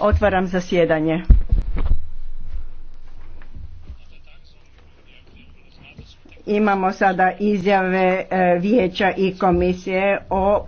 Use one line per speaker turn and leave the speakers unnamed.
Otvaram zasjedanje.
Imamo sada izjave eh, vijeća i komisije o